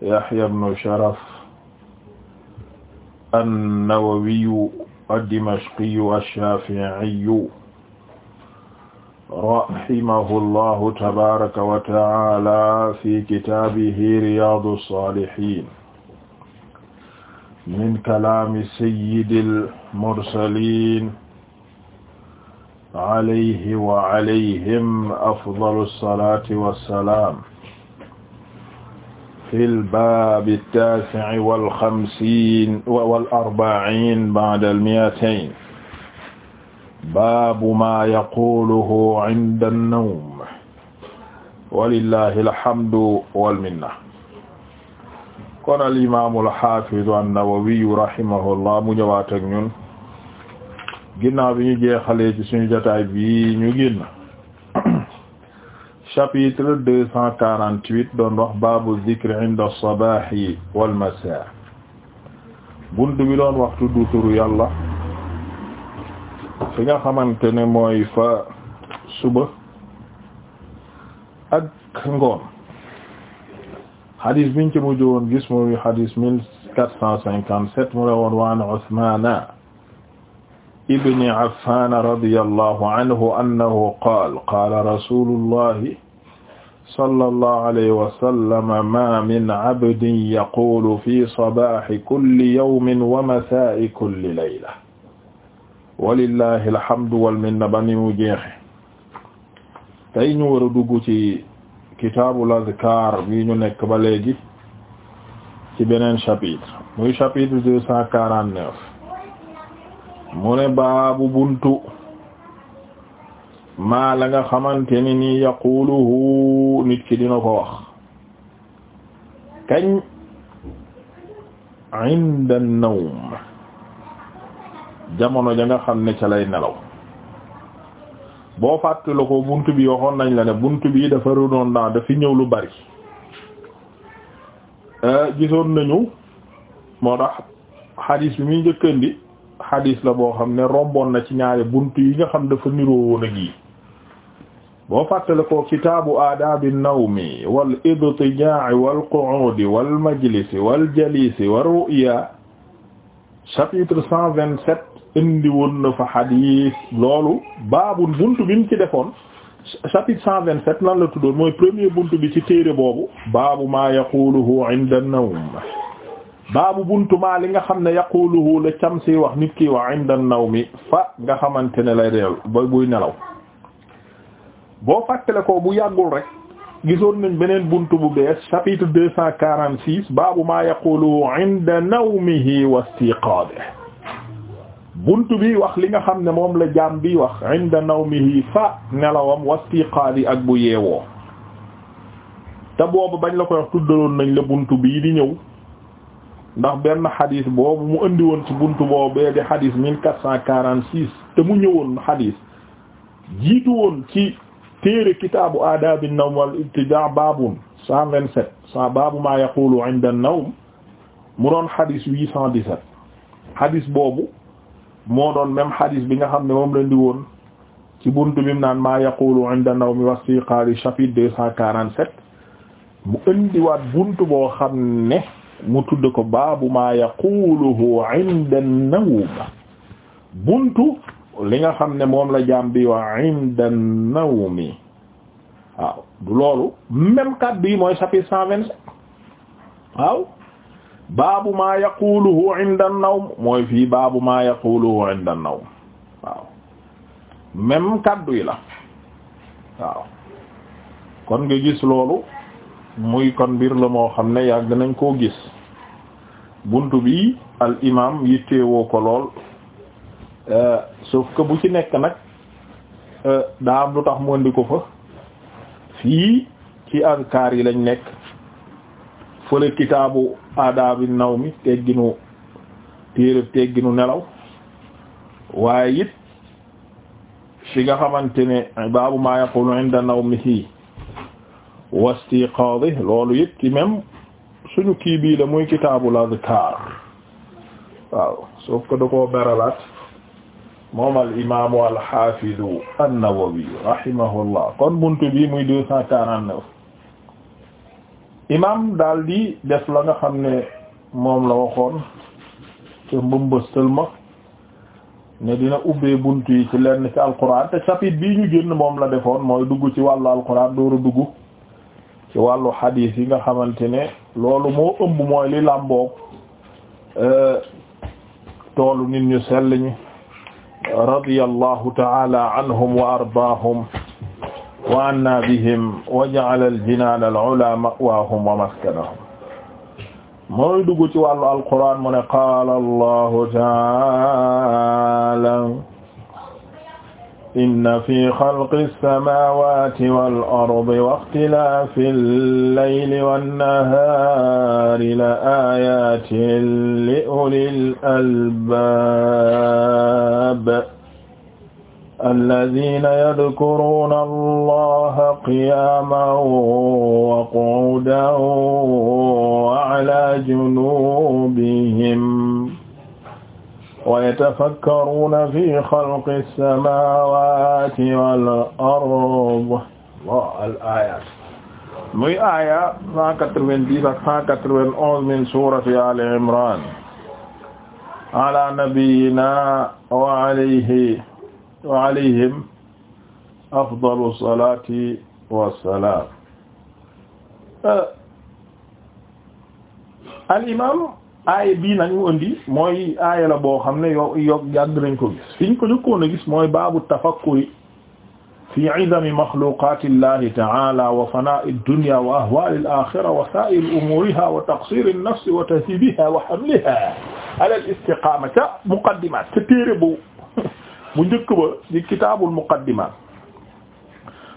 Yahya ibn Sharaf an-Nawawiyu ad-Dimashqiyu ash-Shafi'iyu rahimahullahu tabaaraka wa ta'aala fi kitaabihi Riyaadu s-Saalihiin min kalaami sayyidil mursaliin alayhi wa alayhim afdalu s-salaati wa s-salaam fil baabi taasi'i wal xamsiin wal arba'iin ba'dal mi'atayn baabu maa yaquluhu 'inda an-nawm walillahi alhamdu wal minna. kon al imaam al haafiz an-Nawawi rahimahullah mu ñëwaat ak ñun ginnaaw bi ñu jeexalee ci suñu jotaay bi ñu génn. chapitre deux cent quarante-huit doon wax baabu zikri inda sabaahi wal masaa bunt bi doon wax tudd turu yàlla fi nga xamante ne mooy fa suba ak ngoon xadis biñ ci mujj woon gis mooy xadis mille quatre cent cinquante-sept mu la woon waan Usmaana ibni Affaan radiyallahu anhu annahu qaala qaala rasuulullahi sallallahu alayhi wa sallam ma min abdin yaqulu fi sabahi kulli yawmin wa masaa'i kulli layla walillahi alhamdu wal minna ba ni mu jeexe tey ñu war a dugg ci kitaabul azkaar bi ñu nekk ba léegi ci beneen chapitre muy chapitre deux cent quarante-neuf mu ne baabu buntu maa la nga xamante ne nii yaquluhu nit ki dina ko wax kañ inda naw jamono ja nga xam ne ca lay nelaw boo fàttali ko bunt bi waxoon nañ la ne bunt bi dafa redondant dafi ñëw lu bari euh, gisoon nañu moo tax xadiis bi muy njëkkandi xadiis la boo xam ne romboon na ci ñaari bunt yi nga xam dafa niroo woon ak yi boo fàttale ko kitaabu aadaabi nawmi wal idtijaa'i wal qu'uudi wal majlisi wal jaliisi wa ru'ya chapitre cent vingt sept indi woon na fa xadiis loolu baabul buntu bi mu ci defoon chapitre cent vingt sept lan la tuddoon mooy premier buntu bi ci téere boobu baabu maa yaquluhu inda an-nawm baabu buntu maa li nga xam ne yaquluhu la cam si wax nit ki wa inda an-nawmi fa nga xamante ne lay deel ba nelaw boo fàttale ko bu yàggul rek gisoon nañ beneen bunt bu bees chapitre deux cent quarante six baabu maa yaqulu inda nawmihi wa istiqaadihi bunt bi wax li nga xam ne moom la jaam bi wax inda nawmihi fa nelawam wa istiqaadi ak bu yewoo te boobu bañ la koy wax tuddaloon nañ la bunt bii di ñëw ndax benn xadis boobu mu andi woon ci bunt boobu bee di xadis mille te mu ñëwoon xadis jiitu woon ci téere kitaabu aadaabi nawm wal ibtida baabun cent vingt sept cent baabu maa yaqulu inda nawm mu doon xadis huit cent dix sept xadis boobu moo doon même xadis bi nga xam ne moom la ndi woon ci buntu bi mu naan maa yaqulu inda nawmi wasiqaali chapitre deux cent quarante sept mu indiwaat buntu boo xam ne mu tudd ko baabu maa yaquluhu inda nawm buntu li nga xam ne moom la jaam bi wa inda nawmi waaw du loolu même kàddu yi mooy chapitre cent vingt waaw baabu maa yaquluhu inda nawm mooy fii baabu maa yaquluhu inda nawm waaw même kàddu yi la waaw kon nga gis loolu muy kon bir la moo xam ne yàgg nañ koo gis bunt bi al imam yittewoo ko lool Euh, sauf que bu ci nekk nag euh, daa am lu tax mu andi ko fa fii ci azkaar yi lañ nekk fële kitaabu aadaabi naw mi tegginu téere tegginu nelaw waaye it fi nga xamante ne baabu maa yaqulu inda nawmihi wa istiqaadihi loolu it ci même suñu kii bii la muy kitaabul azkaar waaw sauf que da koo beralaat moom al imaamu al xaafidu an-Nawawi rahimahullah kon buntu bi muy deux cent quarante imaam daal di def la nga xam ne moom la waxoon te mbëmbëstal ma ne dina ubbee bunt yi ci lenn ci alquran te chapitre bii ñu génn moom la defoon mooy dugg ci wàllu alquran dooru dugg ci wàllu hadith yi nga xamante ne loolu moo ëmb mooy li làmboog euh, toolu nit ñu sell ñi radiyallahu ta'ala anhum wa ardaahum wa anna bihim wa ja'ala al-jinaan al-'ulaa ma'waahum wa maskanahum mooy dugg ci wàllu alquran mu ne qaala allahu ta'ala inna fi xalqi samaawaati wal ardi wa ixtilaafi layli wan nahaari la aayaatin li ulil albaab allaziina yadkuruuna allaha qiyaaman wa qu'uudan wa alaa junuubihim wa yatafakkaruuna fi xalqi samaawaati wal ard al aayaat muy aaya 190 ak 191 min suurati Aali Imraan ala nabiyyinaa wa alayhi wa alayhim afdalu salaati wa salaam al imaam aaya bii nag mu indi mooy aaya la boo xam ne yo yo yàgg nañ ko gis fi ñu ko jëkkoon a gis mooy baabu tafakkuri fi izami maxluqaati llahi ta'ala wa fanaa'i dunya wa ahwaali al-aaxira wa saa'iri umuuriha wa taqsiiri an-nafsi wa tahdiibiha wa hamliha ala al-istiqaama ca muqaddimaat ca téere bu bu njëkk ba ci kitaabul muqaddimaat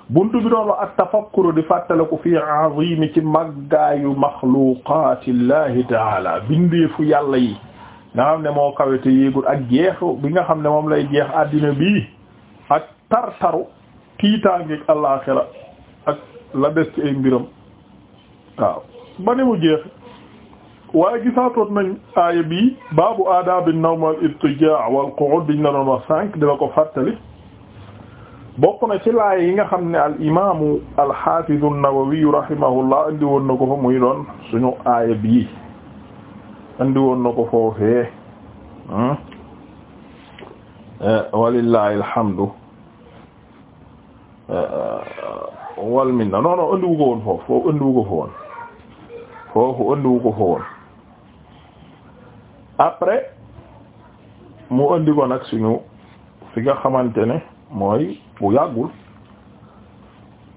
buntu bi doon wax ak tafakkuru di fàttaliku fii azimi ci màggaayu maxluqaatillahi taala bindeefu yàlla yi nga xam ne moo kawe te yéegul ak jeexu bi nga xam ne moom lay jeex àddina bi ak tartaru tiitaangeeg àllaaxira ak la des ci ay mbiram waaw ba jeex waaye gisaatoon nañ aaya bii baabu aadaabi nawm al irtijaa wal qu'ud biñ la doon wax sànq dina ko fàttali bokk na ci laay yi nga xam ne al imaamu al xaafizu an-Nawawi andi woon na ko fa muy doon suñu aaya bii andi woon na ko foofee hmm? eh, walillahi alhamdu eh, eh, wal minna non non woon foofu foofu andiwu ko woon après mu andi ko nag suñu fi nga xamante ne mooy bu yàggul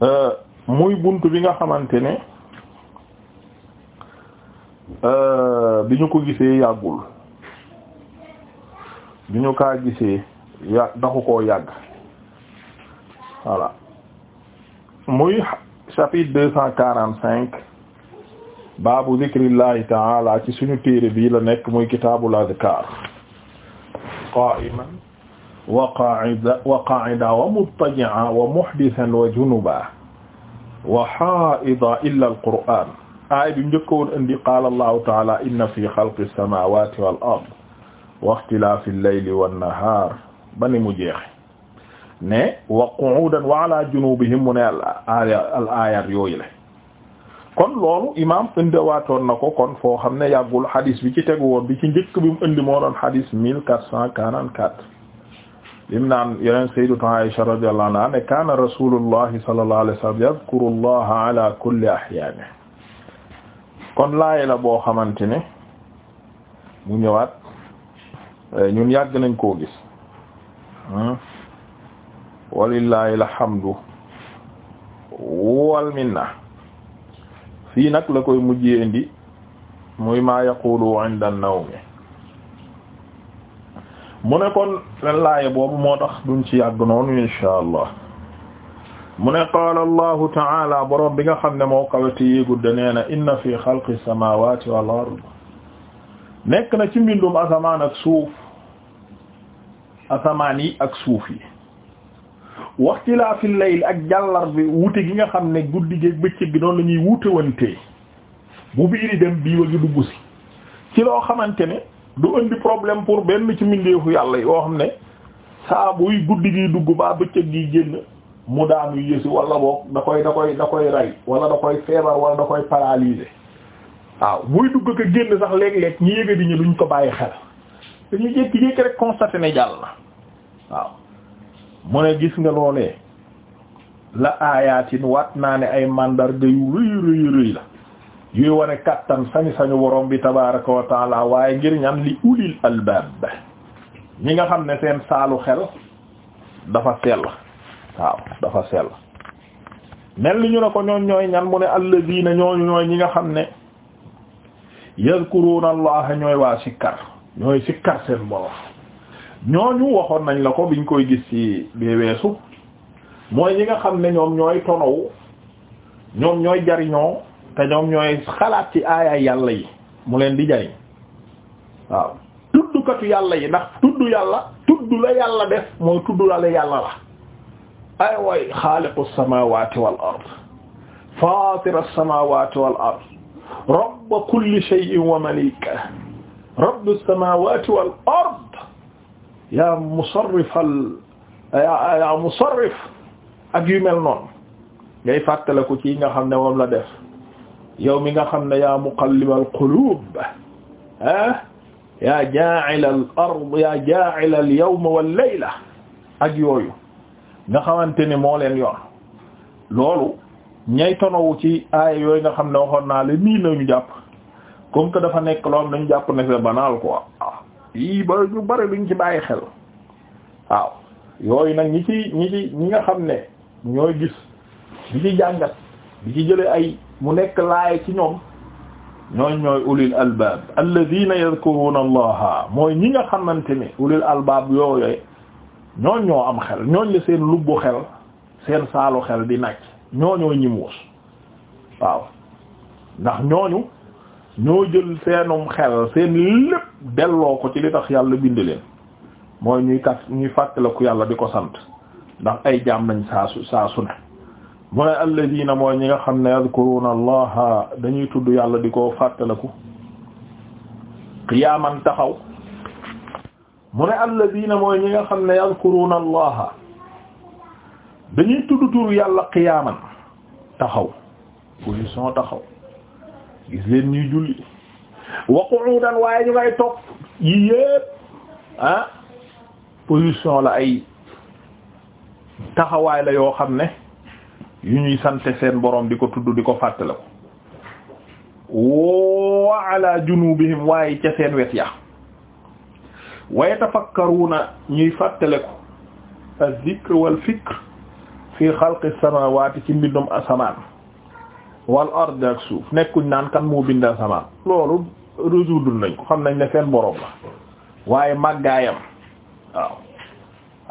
euh, muy bunt bi nga xamante ne euh, bi ñu ko gisee yàggul bi ñu kaa gisee yà daxu koo yàgg voilà muy chapitre deux cent quarante cinq baabu zikrillahi taala ci suñu téere bii la nekk muy kitaabul azkaar qaiman wa qaa'ida wa qaa'ida wa muttaji'an wa muhdisan wa junuban wa haa'idan illa al-qur'aan aaya bi njëkk woon indi qaala allahu ta'aala inna fi xalqi as-samaawaati wal ardi wa ixtilaafi al-layli wan-nahaar ba ni mu jeexe ne wa qu'uudan wa 'alaa junuubihim mu ne al-aayat yooyu la kon loolu imaam indiwaatoon na ko kon foo xam ne yàggul xadis bi ci tegu woon bi ci njëkk bi mu indi moo doon xadis mille quatre cent quarante-quatre lim naan yeneen sayyidatu Aisha radiyallahu anha ne kaana rasulullahi sallallahu alayhi wa sallam yadhkuru allaha ala kulli ahyaanihi kon laay la boo xamante ne mu ñëwaat ñun yàgg nañ koo gis hmm? walillahi alhamdu wal minna fii nag la koy mujjee indi muy maa yaqulu inda an-nawmi mu ne kon laaye boobu moo tax duñ ci yàgg noonu insha mu ne qaala allahu taala boroom bi nga xam ne moo kawate yéegudde nee na inna fi xalq xalqi samawati wal ard nekk na ci mbindum asamaan ak suuf asamaan yi ak suuf yi waxtilaafi layl ak jàllar bi wute gi nga xam ne guddi gi bëccëg gi noonu la ñuy wute wante bu biiri dem bii wa gi dugg si ci loo xamante ne du indi problème pour benn ci mbindeefu yàlla yoo xam ne saa buy guddi gi dugg ba bëccëg gi génn mu daanu yéesi wala boog da koy da koy da koy wala da koy feebar wala da koy paralyser waaw buy dugg ko génn sax léeg-léeg ñi yéga di ñu duñ ko bàyyi xel dañu jékki-jékki rek constaté ne jàll na waaw mu ne gis nga loolee la aayatin waat naa ne ay mandarga yu rëy rëy rëy la yuy wane kàttan sañ-sañu woroom bi tabaraka wa waaye ngir ñan li ulil albab ñi nga xam ne seen saalu xel dafa sell waaw dafa sell mel li ñu ne ko ñoon ñooy ñan mu ne alladina ñooñu ñooy ñi nga xam ne yazkuruna allaha ñooy waa sikkar ñooy sikkar seen borom ñooñu waxoon nañ la ko biñ koy gis ci bee weesu mooy ñi nga xam ne ñoom ñooy tonow ñoom ñooy jariñoo te ñoom ñooy xalaat ci aayaay yàlla yi mu leen di jariñ waaw tuddkatu yàlla yi ndax tudd yàlla tudd la yàlla def mooy tudd la la yàlla la ay way xaaliqu samawati wal ard fatir as-samawati wal ard rabb kulli shay'in wa malika rabb as-samawati wal ard ya musarrif al ya musarrif ak yu mel noonu ngay fàttale ko ci nga xam ne moom la def yow mi nga xam ne yaa muqallibal quluub ah yaa jaa'ilal ard yaa jaa'ilal yawma wal layla ak yooyu nga xamante ni moo leen yor loolu ñay tonowu ci aaya yooyu nga xam ne waxoon naa leen nii nañu jàpp comme que dafa nekk loolu nañu jàpp ne c'est banal quoi ah, yii ba ñu bari luñ ci bàyyi xel waaw yooyu nag ñi ci ñi ci ñi nga xam ne ñooy gis di ci jàngat di ci jële ay mu nekk laay ci ñoom ñooñ ñooy ulil albaab alladhina yadhkuruna mooy ñi nga xamante ne ulil albaab yooyoye ñooñ ñoo am xel ñooñ la seen lubbu xel seen saalu xel di nàcc ñooñ ñi muus waaw ndax ñooñu ñoo jël seenum xel seen lépp delloo ko ci li tax yàlla bind leen mooy ñuy kat ñuy fàttaliku yàlla di ko sant ndax ay jaam nañ saa su saa su ne mu ne alladina mooy ñi nga xam ne yadkuruna allaha dañuy tudd yàlla di ko fàttaliku qiyaaman taxaw mu ne alladina mooy ñi nga xam ne yadkuruna allaha dañuy tudd tur yàlla qiyaaman taxaw position taxaw gis leen ñuy julli wa qu'udan waaye ñu ngay toog yi yépp ah position la ay taxawaay la yoo xam ne yu ñuy sante seen boroom di ko tudd di ko fàttale ko wa ala junubihim waaye ca seen wet ya wa yatafakkaruna ñuy fàttale ko az-zikr wal fikr fi xalqi samawati ci mbindum asamaan wal ard ak suuf nekkuñ naan kan moo bind asamaan loolu résoudre nañ ko xam nañ ne seen borom la waaye màggaayam waaw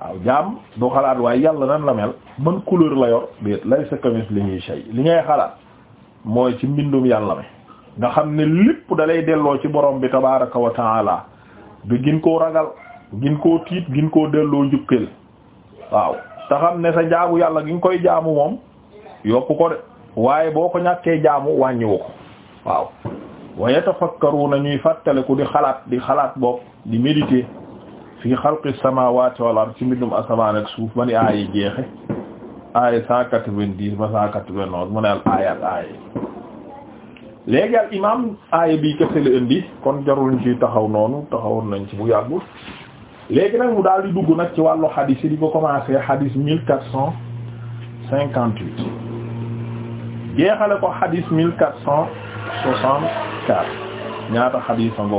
waaw jaam du xalaat waaye yàlla nan la mel man couleur la yor déet lay sa kamislihi li ngay xalaat mooy ci mbindum yàlla mi nga xam ne lépp dalay delloo ci borom bi tabaraka wa taala bi gin koo ragal gin koo tiit gin koo delloo njukkeel waaw te xam ne sa jaamu yàlla gi nga koy jaamu moom yokku ko de waaye boo ko ñàkkee jaamu wàññiwu ko waaw wa yatafakkaruna ñuy fàttaliku di xalaat di xalaat bopp di méditer fi xalqi samawati wal ard ci mbindum asamaan ak suuf ba ni aay jeexe aay cent quatre-vingt-dix ba cent quatre-vingt-onze mu ne al aayat aay léegi al imam aaya bi kese la indi kon jarul ñu ci taxaw noonu taxawoon nañ ci mu yàggul léegi nag mu daal di dugg nag ci wàllu xadis yi di ko commencé xadis mille quatre cent cinquante-huit jeexale ko xadis mille quatre cent soixante-quatre ñaata xadis a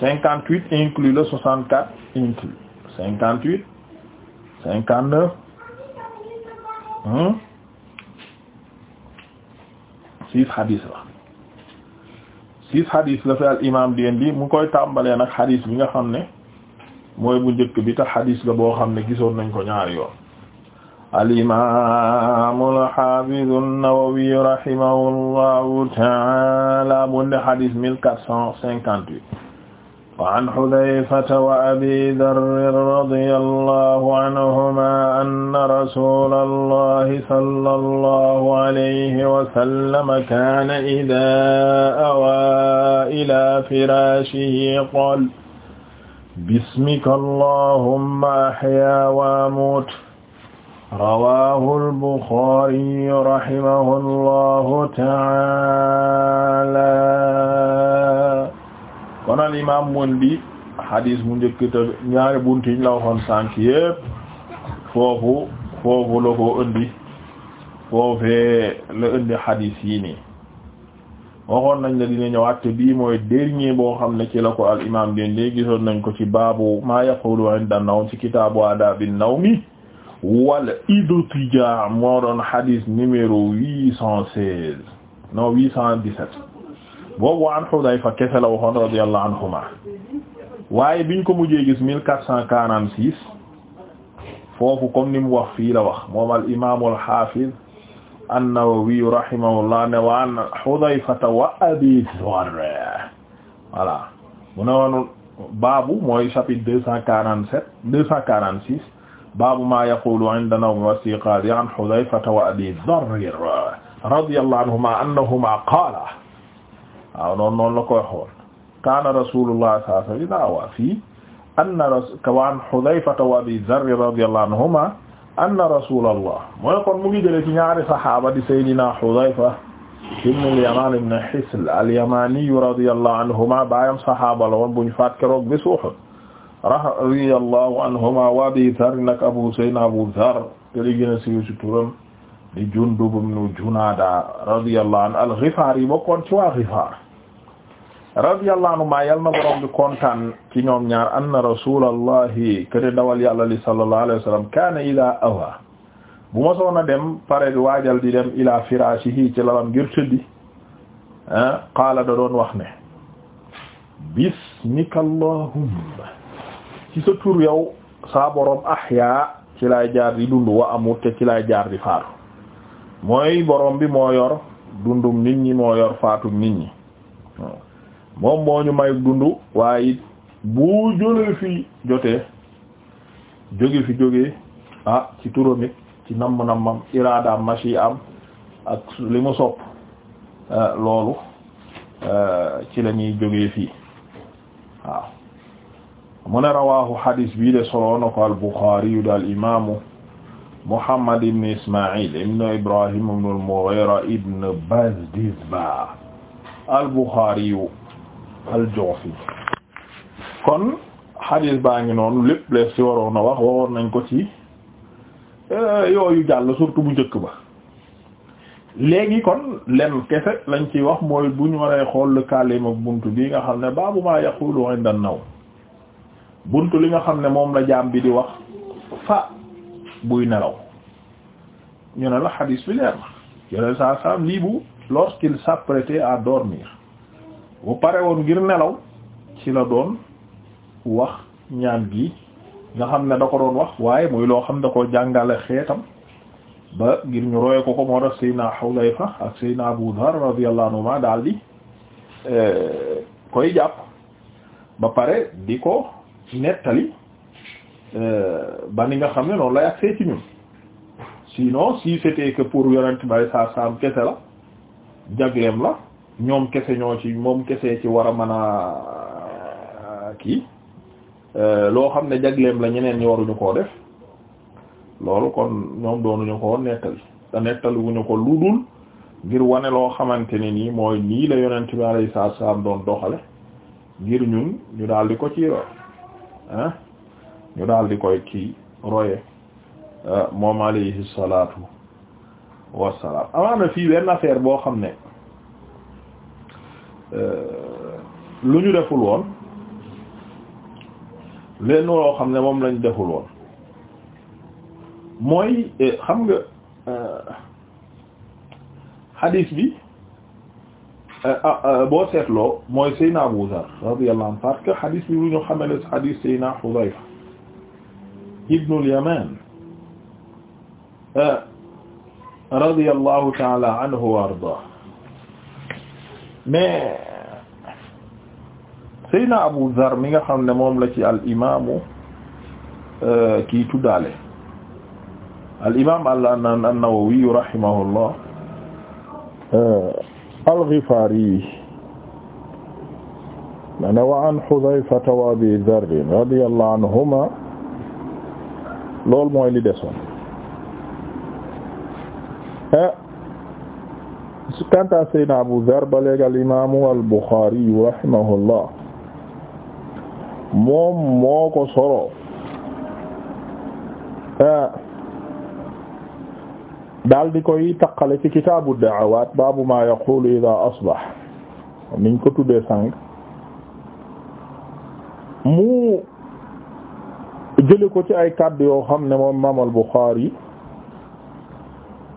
cinquante-huit inclus le soixante-quatre inclus cinquante-huit cinquante-neuf six hadis la six hadis la fi al imam dien mu koy tàmbalee nag hadis bi nga xam ne mooy bu njëkk bi tax hadis la boo xam ne gisoon nañ ko ñaar yoon al imam al hafiz an-Nawawi rahimahullahu ta'ala mu ne hadis mille quatre cent cinquante-huit وعن حذيفة وأبي ذر رضي الله عنهما أن رسول الله صلى الله عليه وسلم كان إذا أوى إلى فراشه قال بسمك اللهم أحيا وأموت رواه البخاري رحمه الله تعالى kon al imam mondi hadis mu njëkk ñaari buntu yiñ la waxoon sànq yëpp foofu foofu la ko indi foofee la indi hadis yi nii nañ la dina ñëwaat te bii mooy dernier boo xam ne ci la ko al imam dende gisoon nañ ko ci baabu maa yaqulu inda nawm ci kitaabu adaabi nawmi wal idtija moo doon hadis numéro huit cent seize non huit cent dix-sept boobu wa an Hudayfa kese la waxoon radiyallahu anhuma waaye biñ ko mujjee gis mille quatre cent quarante six foofu comme ni mu wax fii la wax moom al imaam al haafiz an-Nawawi rahimahullah ne wa an Hudayfata wa Abi Dharr voilà mu ne woon baabu mooy chapitre deux cent quarante sept deux cent quarante six baabu maa yaqulu inda nawmi wa istiqaadi an Hudayfata wa Abi Dharr radiyallahu anhuma annahuma qaala waaw noonu noonu la ko waxoon kaana rasulullah sallallahu alayhi wasallam daawa fii anna rawan Hudhayfata wa Abi Dharr radiyallahu anhuma anna rasulullah mooy kon mu ngi jëlee ci ñaari sahaaba di sayyidina Hudhayfa ibn al-Yaman ibn Hisl al-Yamani radiyallahu anhuma baayam sahaaba la woon buñ faat keroog bés Uhud radiyallahu anhuma wa Abi Dharr nag Abu Sayyidina Abu Dharr te li gën a siiw ci turam di Jundub ibn Junaada radiyallahu anhu al-Ghifaari bokkoon ci waa Ghifaar radiyallahu anhu maa yal na borom bi kontaan ci ñoom ñaar anna rasulallahi kene dawal yàlla li sallallahu alayhi wa sallam kaana ida awa bu ma soon dem pare di waajal di dem ila firashihi ci lalam ngir tëddi ah qaala da doon wax ne bismika allahumma ci sa tur yow saa borom ahya ci laay jaar di dund wa amut ci laay jaar di faatu mooy borom bi mooyor yor dundum nit ñi moo faatum nit ñi moom moo ñu may dund waaye bu jóge fi jotee jóge fi jóge ah ci turam it ci namm nammam iraadaam machi am ak li eh, loolu eh, ci la ñuy jóge fii waaw mu hadis bii de soloo na ko al Buxaari yu daal imaamu Muhammad ibn Ismaïl ibn Ibrahim ibn al ibn Bazdizba al Buxaari al-Ju'fi kon xadiis baa ngi noonu lépp lees ci waroon a wax waroon nañ ko ci eh, yooyu jàll surtout bu njëkk ba léegi kon lenn kese lañ ci wax mooy bu ñu waree xool le kalim ak bi nga xam ne baa baabu maa yaqulu da naw bunt li nga xam ne moom la jaam bi di wax fa buy nelaw ñu ne la xadiis bi leer na yeneen saa saam lii bu lorsqu'il s'apprêtait à dormir bu pare woon ngir nelaw ci la doon wax ñaan gi nga xam ne da ko doon wax waaye muy loo xam da ko jàngale xeetam ba ngir ñu roye ko ko moo tax Seydina Hudayfa ak Seydina Abu Dhar radiyallahu anhuma daal di eh, koy jàpp ba pare di ko nettali eh, ba ni nga xam ne noonu lay ak see ci ñun sinon si c'était que pour yonent bay sa sam kese la jagleem la ñoom kese ñoo ci moom kese ci war a mën a euh, kii euh, loo xam ne jagleem la ñeneen ñi waruñu koo def loolu kon ñoom doonuñu ko nettali te nettaliwuñu ko lu dul ngir wane loo xamante ne nii mooy nii la yonent bi alayhi salaam doon doxale ngir ñun ñu daal di ko ci roy ñu daal di koy kii roye euh, moom alayhi salaatu wassalaam amaana fii benn affaire boo xam ne Euh, lu ñu deful woon lenn loo xam ne moom lañ deful woon mooy eh, xam nga euh, hadith bi euh, ah, boo seetloo mooy Seyna Abu Zar radiyallahu anhu parce que hadith bi lu ñu xamale hadith Seyna Hudayfa ibnul Yaman radiyallahu ta'ala anhu wa mais Seydina Abu Zar mi nga xam ne moom la ci al imaamu euh, kii tuddaale al imaam an-Nawawi rahimahullah euh, al-Ghifari ma ne wa an Hudhayfata wa Abi Dharr radiyallahu anhuma loolu mooy li desoon eh, su kanta Seydina Abu Dharr ba léegi al imaamu al moom moo ko solo daal koy taqale ci kitaabu da'awaat baabu maa idaa asbax niñ ko tuddee sànq mu jële ko ci ay kàddu yoo xam ne moom imaam al Buxaari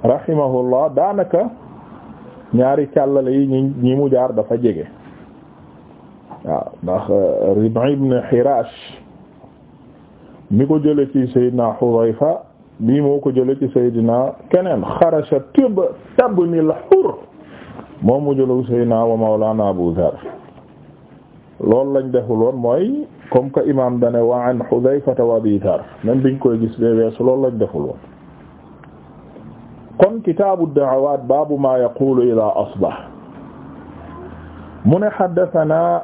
rahimahullah daanaka. ñaari càllale yi ñi ñi mu jaar dafa jege waaw ndax euh, Rib'i ibn mi ko jële ci Seydina Hudayfa bi moo ko jële ci Seydina keneen Xarasha tib tabnil Hur moom mu jëlewu Seydina wa Mawlana Abu Dharr lool lañ defuloon mooy comme que imam dane wa an Hudayfa wa Abi Dharr même biñ koy gis bee weesu loolu lañ defuloon kon kitaabu da'awaat baabu maa yaqulu idaa asbaha mu ne haddasanaa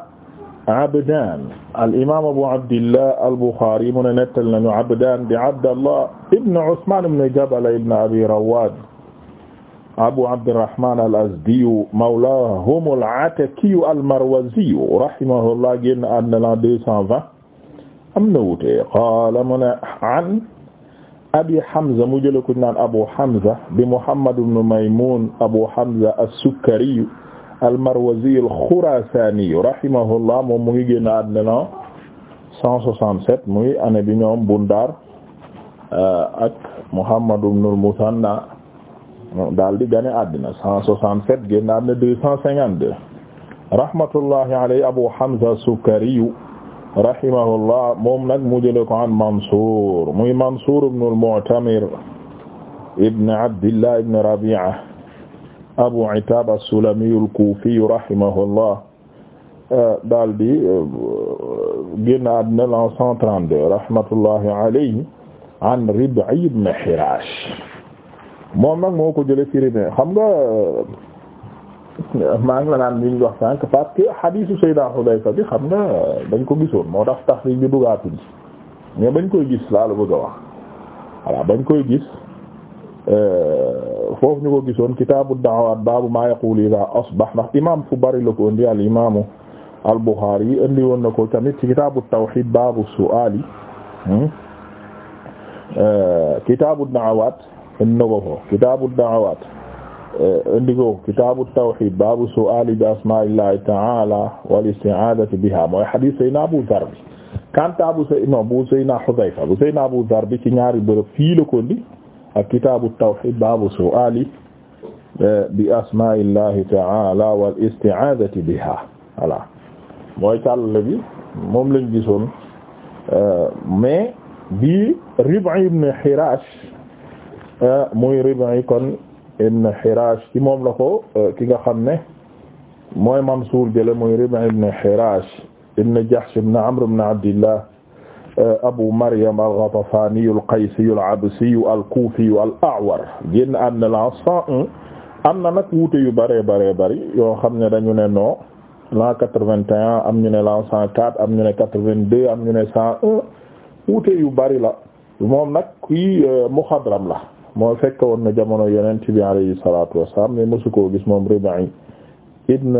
Abdaan al imaam abu abdillah al Buxaari mu ne nettal nañu Abdaan di Abdallah Ibn Usmaan Ibn Jabala Ibn Abi Rawwaad abu Abdirrahmaan al Azdiyu mawlaahum al Atakiyu al Marwaziyu rahimahullah génn àddina la deux cent vingt am na wuute qaala mu ne an abi Hamza mu jëlee ku ñu naan abu Hamza bi Muhammad ibn Maymun abu Hamza as-Sukkari al-Marwazi al-Khurasani rahimahullah moom mu ngi génn àddina la 167 muy année bi ñoom Bundar euh, ak Muhammad ibn al-Muthanna daal di gane àddina 167 génn àddina 252 rahmatullahi alayhi abu Hamza as-Sukkari rahimahullah moom nag mu jëlee ko an Mansour muy Mansour ibn al-Mu'tamir ibn Abdillah ibn Rabi'a Abu Attab as-Sulami al-Kufi rahimahullah euh, daal di euh, génn àddina l'an 132 rahmatullahi alayhi an Rib'i ibn Hirash moom nag moo ko jëlee ci Rib'i xam nga euh, maa ngi la naan li ñu wax sànq parce que xadiisu Seydina Xudayfa bi xam nga dañ ko gisoon moo tax tax bi duggaatuñ ci mais bañ koy gis laa la bëgg a wax voilà bañ koy gis euh, foofu ñu ko gisoon kitaabu da'awaat baabu maa yaqulu idaa asbax ndax imaam fu bari la ko indi al imaamu al Buxaari yi indi woon na ko tamit ci kitaabu tawxiid baabu su'aali hmm? euh, kitaabu da'awaat indi na ko foofu kitaabu da'awaat indigo kitaabu tawhid baabu su'aali bi asmaa'illahi ta'aala wal isti'aadati mooy hadiis Seydina Abu Zarr bi kanta bu Abu Zarr bi ci ñaari bërëb fii la ko indi ak kitaabu tawhid baabu su'aali eh, bi asmaa'illahi ta'aala wal isti'aadati bihaa mooy tàll bi moom lañ eh, ibn Hiraash eh, ibn Hirash ci moom la ko euh, ki nga xam ne mooy Mansuur jële mooy Rib'i ibn Hirash ibn Jahsh ibn Amr ibn Abdillah euh, Abu Maryam al-Ghatafani al-Qaysi al-Absi al-Kufi al-A'war génn am na la cent un am na nag wuute yu bëree bëree bëri yoo xam ne dañu ne non l'an quatre-vingt-un am ñu ne l'an cent quatre am ñu ne quatre-vingt-deux am ñu ne cent un wuute yu bëri la moom nag kii euh, muxadram la moo fekk woon na jamono yonent bi alayhi salaatu wassalaam mais mosu koo gis moom Rib'i ibn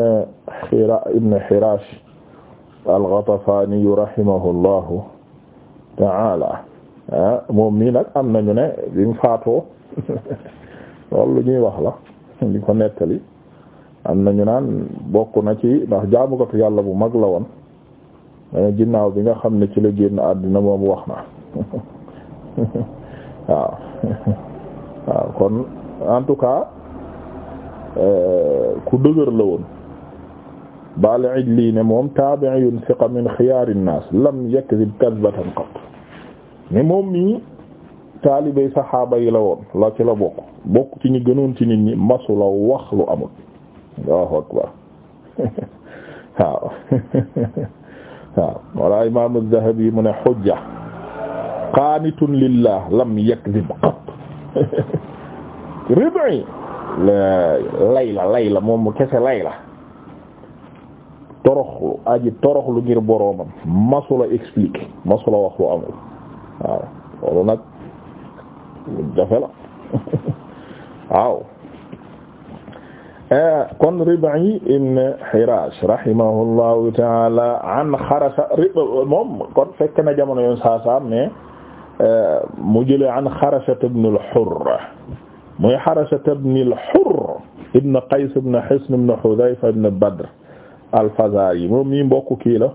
Hira ibn Hirash al-Ghatafani rahimahullahu ta'ala ah, moom mii nag am nañu ne bi mu faatoo loolu ñuy wax la di ko nettali am nañu naan bokk na ci ndax jaamukatu yàlla bu mag la woon eh, ginnaaw bi nga xam ne ci la génn àddina moom wax na kon en tout cas euh, ku dëgër la woon bal ijli ne moom tabi'un thiqa min xiyaar an-nas lam yakzib kadbatan qat ne moom mii taalibey saxaaba yi la woon la ci la bokk bokk ci ñi gënoon ci nit ñi masu la wax lu amul Allahu akbar waaw waaw wala imaamu Dhahabi mu ne hujja qaanitun lillah lam yakzib qat rib'i layla layla moom mu kese layla toroxlu aji toroxlu masula expliquer masula wax lu amul waaw loolu nag lu jafe la waaw eh, kon Rib'i ibn Hirash taala moom kon fekk na jamono yoon saa saa mais eh, mu jëlee an Xarasa ibn al-Hurr muy Harasha ibn al-Hurr ibn Qays ibn Hisn ibn Hudhayfa ibn Badr al-Fazari moom mii mbokk kii la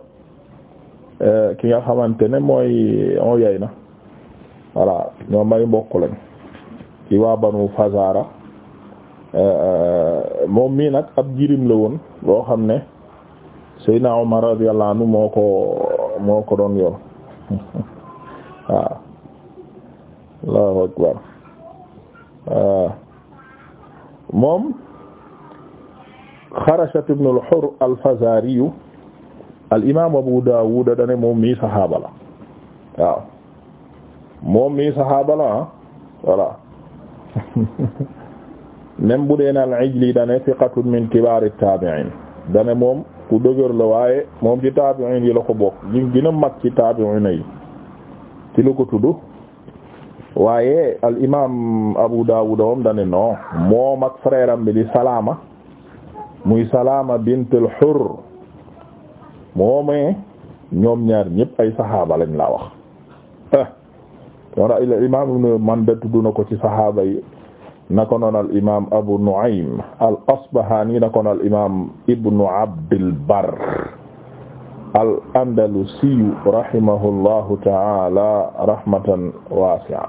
eh, ki nga xamante ne mooy Uyayna voilà ñoom may mbokk lañ ci waa Banu Fazara eh, eh, moom mii nag ab jirim lawoon loo xam ne Seydina Umar radiyallahu anhu moo ko moo ko doon yor waaw Allahu akbar Ah. moom Xarashat ibn al-Hurr al-Fazari al imaam Abu Dawud dane moom mii saxaaba la waaw moom mii saxaaba la ah bu dee naan al-Ijli dane thiqatun min kibaar at-taabi'iin dane moom ku dëgër la waaye moom ci taabi'iin yi la ko bokk ñu gën mag ci taabi'iin yi ci la ko tudd. waaye al imaam Abu Dawud moom dane non moom ak frère bi di Salama muy Salama bint al-Hurr moomee ñoom ñaar ñëpp ay saxaaba lañ laa wax eh, wara al imaam Ibn Manda tudd na ko ci saxaaba yi nako noon al imaam Abu Nu'aym al-Asbahani nako noon al imaam al andalusiyu rahimahullahu ta'ala rahmatan wasi'a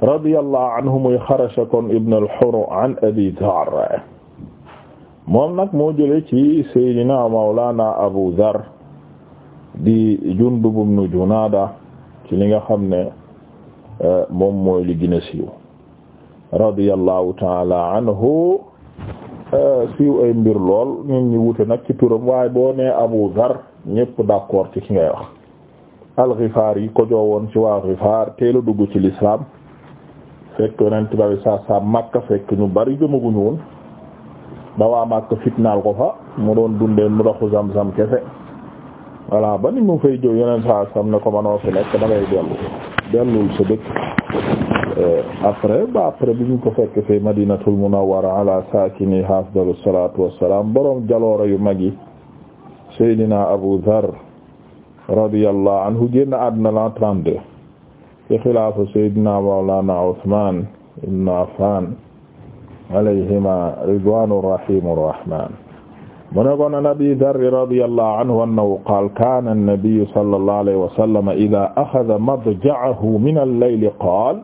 radiyallahu anhu muy Xarasha kon ibn al-Hurr an Abi Dharr moom nag moo jëlee ci Seydina Mawlana Abu Dharr di Jundub ibn Junaada ci li nga xam ne euh, moom mooy li gën a siiw radiyallahu ta'ala anhu Euh, siiw ay mbir lool nit ñi wute nag ci turam waaye boo nee Abu Zar ñépp d'accord ci ki ngay wax al-Ghifaar yi ko joowoon ci waa Ghifaar teelu dugg ci lislaam fekk yonent bi saa saa fekk ñu bari gëmaguñu woon ba waa Makka fitnaal ko fa mu doon dundee ndoxu Zamzam kese voilà ba ni mu fay jóg yonent saa ne ko manoo fi nekk da dellu dellul sa dëkk Euh, après ba après bi ñu ko fekk fi madinatul munawwara ala sakini afdalu salatu wassalam borom jaloora yu mag yi Seydina Abu Dharr radiyallahu anhu génn àddina la 32 ci xilaafu Seydina Mawlana Usman ibn Affan alayhima ridwanu rahimu rahman mu ne kon an abi darri radiyallahu anhu annahu qaala kaana an-nabiyyu sallallahu alayhi wa sallam idhaa akhadha madja'ahu min al-layli qaala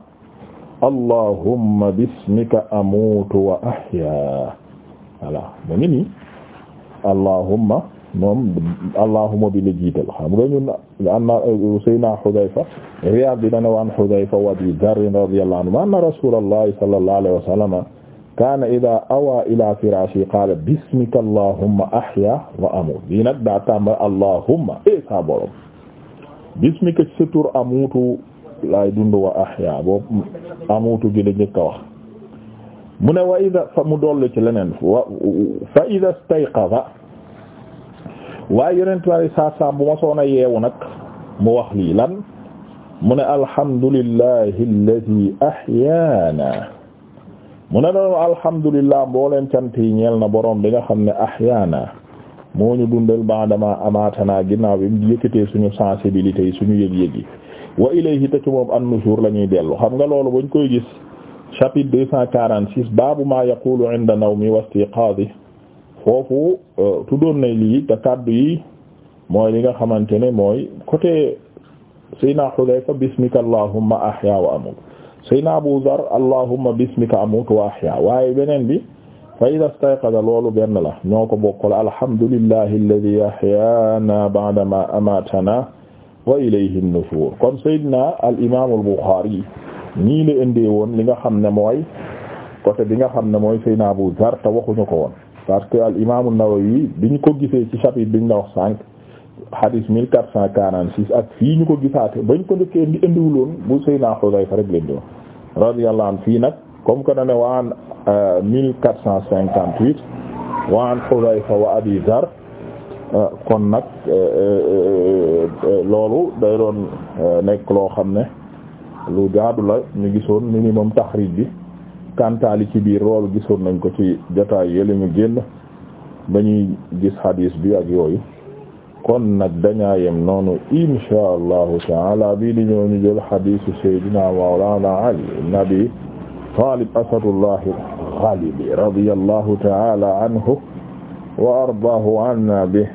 allahumma bismika amuutu wa ahyaa voilà mu ngi nii allahumma moom allahumma bi la jiital xam nga ñun anna Seydina Hudayfa Riyaad bi dana waan Hudayfa wa Abi Darr radiyallahu anhu anna rasuulallahi sallallahu alayhi wa sallam kaana ida awa ila firashi qaala bismika allahumma ahya wa amut bii nag daa tàmba allahumma e sa borom bismika ci sa tur amutu laay dund wa ahya boobu amutu gi la njëkk a wax mu ne wa ida fa mu doll ci leneen wa fa ida stayqaza waaye yonent bi saa saa bu ma soon a yeewu nag mu wax lii lan mu ne alhamdulillahi alladi ahyaana mu ne noonu alhamdulillah mbooleen cant yi ñeel na boroom bi nga xam ne ahyaana moo ñu dundal baadama amaatana ginnaaw bi mu yëkkatee suñu sensibilité yi suñu yëg-yëg yi wa ilayhi te ci moom an la ñuy dellu xam nga loolu bañ koy gis chapitre deux cent quarante-six baabu ma yaqulu inda nawmi wa istiqaadi foofu euh, tuddoon na lii te kaddu yi mooy li nga xamante ne mooy côté sayna Hudayfa bismika allahumma ahya wa amut sayna Abu Dhar allahumma bismika amutu wa ahya waaye beneen bi fa ida stayqaza loolu benn la ñoo ko bokkala alhamdulillahi alladhi ahyana ba'da ma amatana wa ilayhi an-nushur kon sayyidina al-imam al-Bukhari nii la indee woon li nga xam ne mooy côté bi nga xam ne mooy sayna Abu Dhar te waxuñu ko woon parce que al-imam an-Nawawi biñ ko gisee ci chapitre biñ la wax sànq mille xadis 1446 ak fii ñu ko gisaate bañ ko njëkkee indi indiwuloon bu Seydina Xudayfa rek leen doon radiyallahu anhu fii nag comme que da ne waan 1458 waan Xudayfa wa Abi Dar euh, kon nag euh, euh, loolu day doon nekk loo xam ne lu jaadu la ñu gisoon minimum taxrij bi kantaali ci biir loolu gisoon nañ ko ci jotaay yële ñu génn ba ñuy gis xadis bi ak yooyu kon nag dañaa yem noonu inshaa allahu taala bii di ñëw ñu jël hadiisu sayyidina mawlaana Ali ibn Abi Taalib asadullahi al-ghaalib radiyallahu taala anhu wa ardaahu anna bihi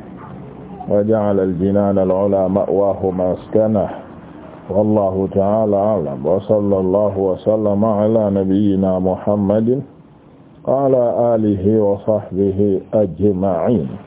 wa ja'ala al-jinaana al-'ulaa ma'waahu maskanahu wallaahu taala a'lam wa sallallaahu wa sallama alaa nabiyyinaa Muhammadin wa alaa aalihi wa sahbihi ajma'iin